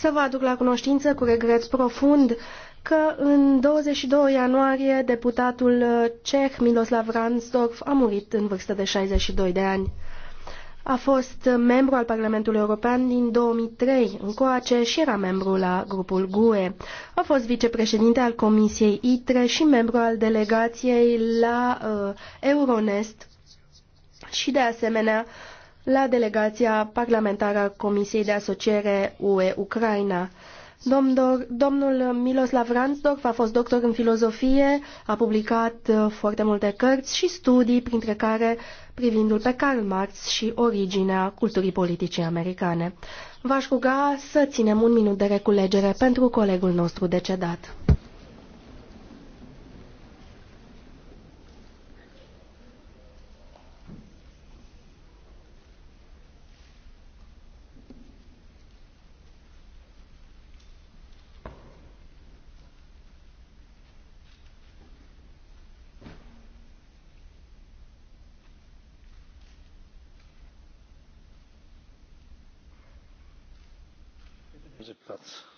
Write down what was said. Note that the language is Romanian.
să vă aduc la cunoștință cu regret profund că în 22 ianuarie deputatul ceh Miloslav Ransdorf a murit în vârstă de 62 de ani. A fost membru al Parlamentului European din 2003 încoace și era membru la grupul GUE. A fost vicepreședinte al Comisiei ITRE și membru al delegației la uh, Euronest și de asemenea uh, la delegația parlamentară a Comisiei de Asociere UE-Ucraina. Domnul Miloslav Ransdorf a fost doctor în filozofie, a publicat uh, foarte multe cărți și studii, printre care privindul pe Karl Marx și originea culturii politice americane. V-aș ruga să ținem un minut de reculegere pentru colegul nostru decedat. deputați.